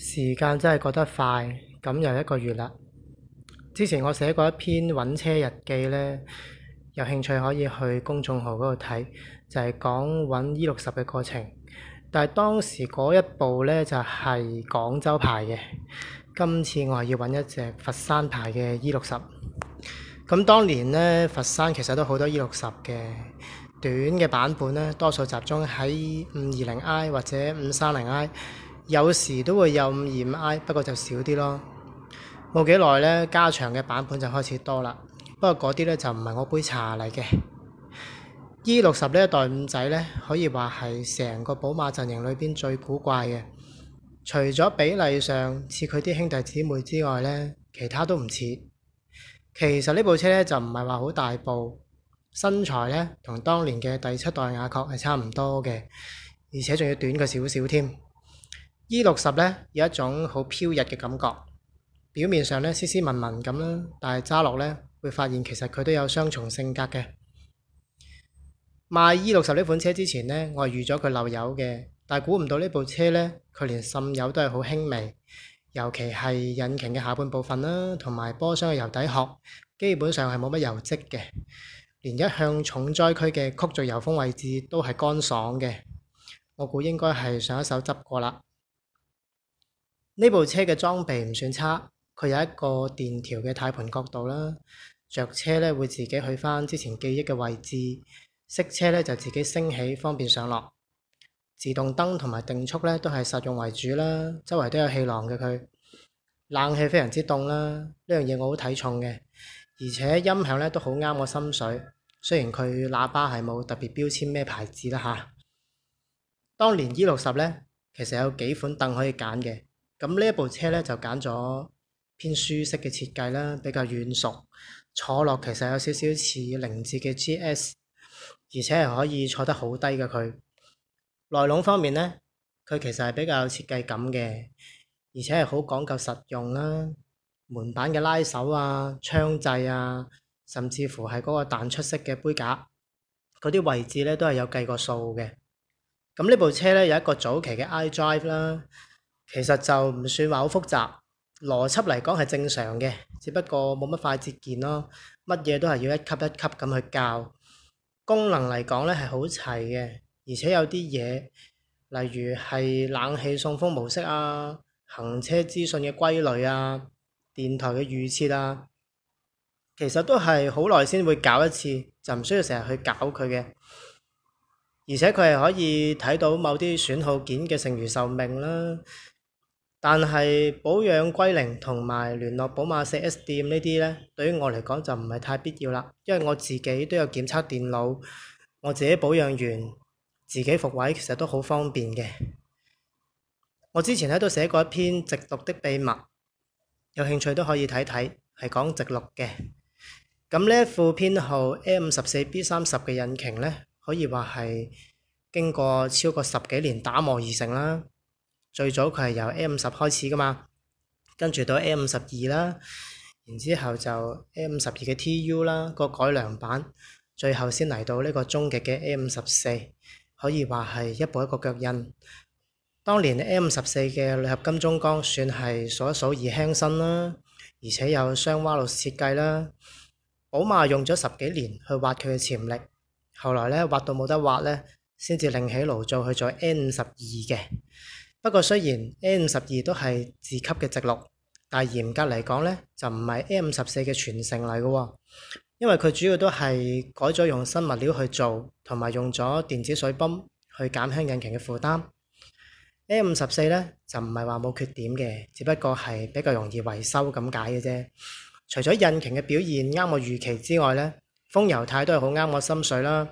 時間真係覺得快，咁又一個月啦。之前我寫過一篇揾車日記呢，有興趣可以去公眾號嗰度睇，就係講揾 E 六十嘅過程。但係當時嗰一部呢，就係廣州牌嘅，今次我係要揾一隻佛山牌嘅 E 六十。咁當年呢，佛山其實都好多 E 六十嘅短嘅版本呢，多數集中喺五二零 I 或者五三零 I。有時都會有五二五 i，不過就少啲咯。冇幾耐呢，加長嘅版本就開始多啦。不過嗰啲呢，就唔係我杯茶嚟嘅。 E 六十呢一代五仔呢，可以話係成個寶馬陣營裏邊最古怪嘅。除咗比例上似佢啲兄弟姊妹之外呢，其他都唔似。其實呢部車呢，就唔係話好大部，身材呢，同當年嘅第七代雅閣係差唔多嘅，而且仲要短個少少添。E 六十呢，有一種好飄逸嘅感覺，表面上呢，斯斯文文咁，但係揸落呢，會發現其實佢都有雙重性格嘅。賣 E 六十呢款車之前呢，我預咗佢漏油嘅，但係估唔到呢部車呢，佢連滲油都係好輕微，尤其係引擎嘅下半部分啦，同埋波箱嘅油底殼基本上係冇乜油跡嘅，連一向重災區嘅曲軸油封位置都係乾爽嘅。我估應該係上一手執過啦。呢部車嘅裝備唔算差，佢有一個電調嘅軚盤角度啦，着車咧會自己去返之前記憶嘅位置，熄車咧就自己升起，方便上落。自動燈同埋定速咧都係實用為主啦，周圍都有氣囊嘅佢，冷氣非常之凍啦，呢樣嘢我好睇重嘅，而且音響咧都好啱我心水，雖然佢喇叭係冇特別標籤咩牌子啦嚇。當年 E 六十呢，其實有幾款凳可以揀嘅。咁呢一部車呢，就揀咗偏舒適嘅設計啦，比較軟熟，坐落其實有少少似凌志嘅 GS，而且係可以坐得好低嘅佢。內籠方面呢，佢其實係比較有設計感嘅，而且係好講究實用啦。門板嘅拉手啊、窗掣啊，甚至乎係嗰個彈出式嘅杯架，嗰啲位置呢都係有計過數嘅。咁呢部車呢，有一個早期嘅 iDrive 啦。Drive, 其實就唔算話好複雜，邏輯嚟講係正常嘅，只不過冇乜快捷鍵咯，乜嘢都係要一級一級咁去教。功能嚟講呢係好齊嘅，而且有啲嘢，例如係冷氣送風模式啊、行車資訊嘅歸類啊、電台嘅預設啊，其實都係好耐先會搞一次，就唔需要成日去搞佢嘅。而且佢係可以睇到某啲損耗件嘅剩餘壽命啦。但係保養歸零同埋聯絡寶馬 4S 店呢啲呢，對於我嚟講就唔係太必要啦。因為我自己都有檢測電腦，我自己保養完自己復位，其實都好方便嘅。我之前喺度寫過一篇直六的秘密，有興趣都可以睇睇，係講直六嘅。咁呢副編號 M54B30 嘅引擎呢，可以話係經過超過十幾年打磨而成啦。最早佢係由 M 五十開始㗎嘛，跟住到 M 五十二啦，然之後就 M 五十二嘅 TU 啦，個改良版，最後先嚟到呢個終極嘅 M 五十四，可以話係一步一個腳印。當年 M 五十四嘅鋁合金中缸算係數一數二輕身啦，而且有雙挖路設計啦。寶馬用咗十幾年去挖佢嘅潛力，後來呢，挖到冇得挖呢，先至另起爐灶去做 N 五十二嘅。不過雖然 A 五十二都係自吸嘅直六，但係嚴格嚟講呢，就唔係 A 五十四嘅傳承嚟嘅喎，因為佢主要都係改咗用新物料去做，同埋用咗電子水泵去減輕引擎嘅負擔。A 五十四呢就唔係話冇缺點嘅，只不過係比較容易維修咁解嘅啫。除咗引擎嘅表現啱我預期之外呢，風油軚都係好啱我心水啦。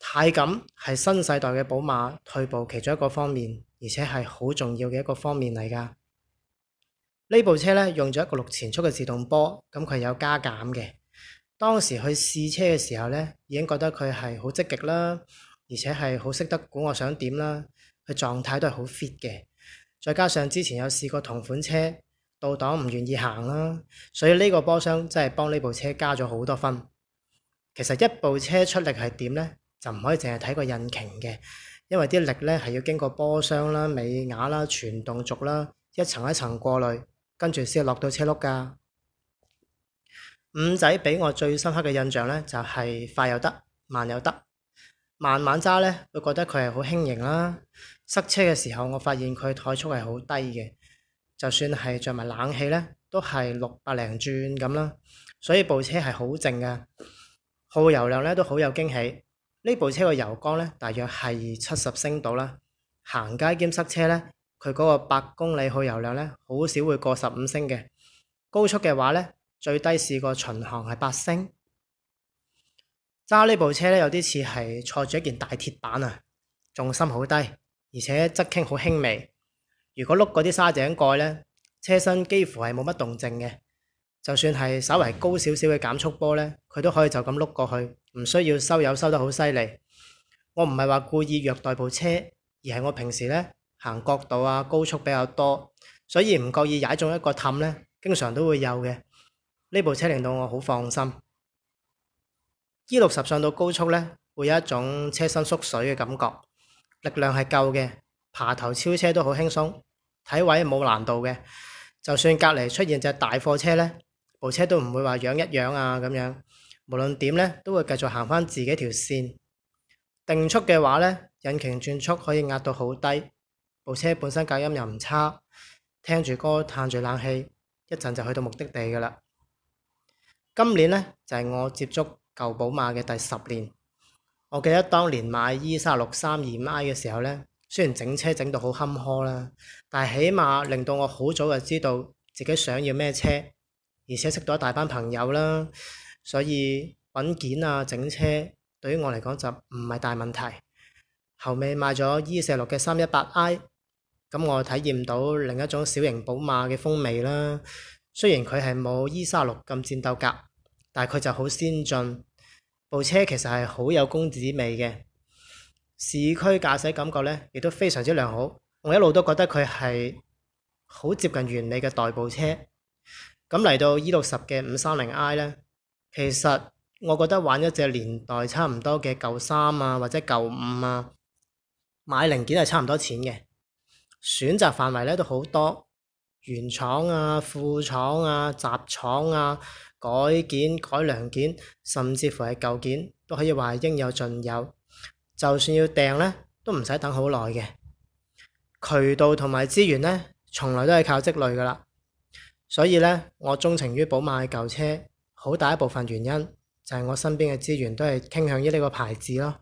軚感係新世代嘅寶馬退步其中一個方面，而且係好重要嘅一個方面嚟㗎。呢部車呢，用咗一個六前速嘅自動波，咁佢有加減嘅。當時去試車嘅時候呢，已經覺得佢係好積極啦，而且係好識得估我想點啦，佢狀態都係好 fit 嘅。再加上之前有試過同款車倒擋唔願意行啦、啊，所以呢個波箱真係幫呢部車加咗好多分。其實一部車出力係點呢？就唔可以淨係睇個引擎嘅，因為啲力呢係要經過波箱啦、尾牙啦、傳動軸啦，一層一層過濾，跟住先落到車轆噶。五仔俾我最深刻嘅印象呢，就係、是、快又得，慢又得。慢慢揸呢，會覺得佢係好輕盈啦。塞車嘅時候，我發現佢怠速係好低嘅，就算係着埋冷氣呢，都係六百零轉咁啦。所以部車係好靜噶，耗油量呢都好有驚喜。呢部車嘅油缸呢，大約係七十升到啦。行街兼塞車呢，佢嗰個百公里耗油量呢，好少會過十五升嘅。高速嘅話呢，最低試過巡航係八升。揸呢部車呢，有啲似係坐住一件大鐵板啊！重心好低，而且側傾好輕微。如果碌嗰啲沙井蓋呢，車身幾乎係冇乜動靜嘅。就算係稍微高少少嘅減速波呢，佢都可以就咁碌過去。唔需要收油收得好犀利，我唔係話故意虐待部車，而係我平時咧行國道啊高速比較多，所以唔覺意踩中一個氹咧，經常都會有嘅。呢部車令到我好放心，E 六十上到高速咧，會有一種車身縮水嘅感覺，力量係夠嘅，爬頭超車都好輕鬆，睇位冇難度嘅。就算隔離出現隻大貨車咧，部車都唔會話揚一揚啊咁樣。無論點呢，都會繼續行返自己條線。定速嘅話呢，引擎轉速可以壓到好低，部車本身隔音又唔差，聽住歌，嘆住冷氣，一陣就去到目的地㗎喇。今年呢，就係我接觸舊寶馬嘅第十年。我記得當年買 E36 325i 嘅時候呢，雖然整車整到好坎坷啦，但係起碼令到我好早就知道自己想要咩車，而且識到一大班朋友啦。所以揾件啊整車對於我嚟講就唔係大問題，後尾買咗 E 四六嘅三一八 I，咁我體驗到另一種小型寶馬嘅風味啦。雖然佢係冇 E 三六咁戰鬥格，但係佢就好先進，部車其實係好有公子味嘅，市區駕駛感覺咧，亦都非常之良好。我一路都覺得佢係好接近完美嘅代步車。咁嚟到 E 六十嘅五三零 I 咧。其實我覺得玩一隻年代差唔多嘅舊三啊，或者舊五啊，買零件係差唔多錢嘅，選擇範圍呢都好多，原廠啊、副廠啊、雜廠啊、改件、改良件，甚至乎係舊件都可以話係應有盡有。就算要訂呢，都唔使等好耐嘅。渠道同埋資源呢，從來都係靠積累噶啦。所以呢，我鍾情於寶馬嘅舊車。好大一部分原因就係我身邊嘅資源都係傾向於呢個牌子咯。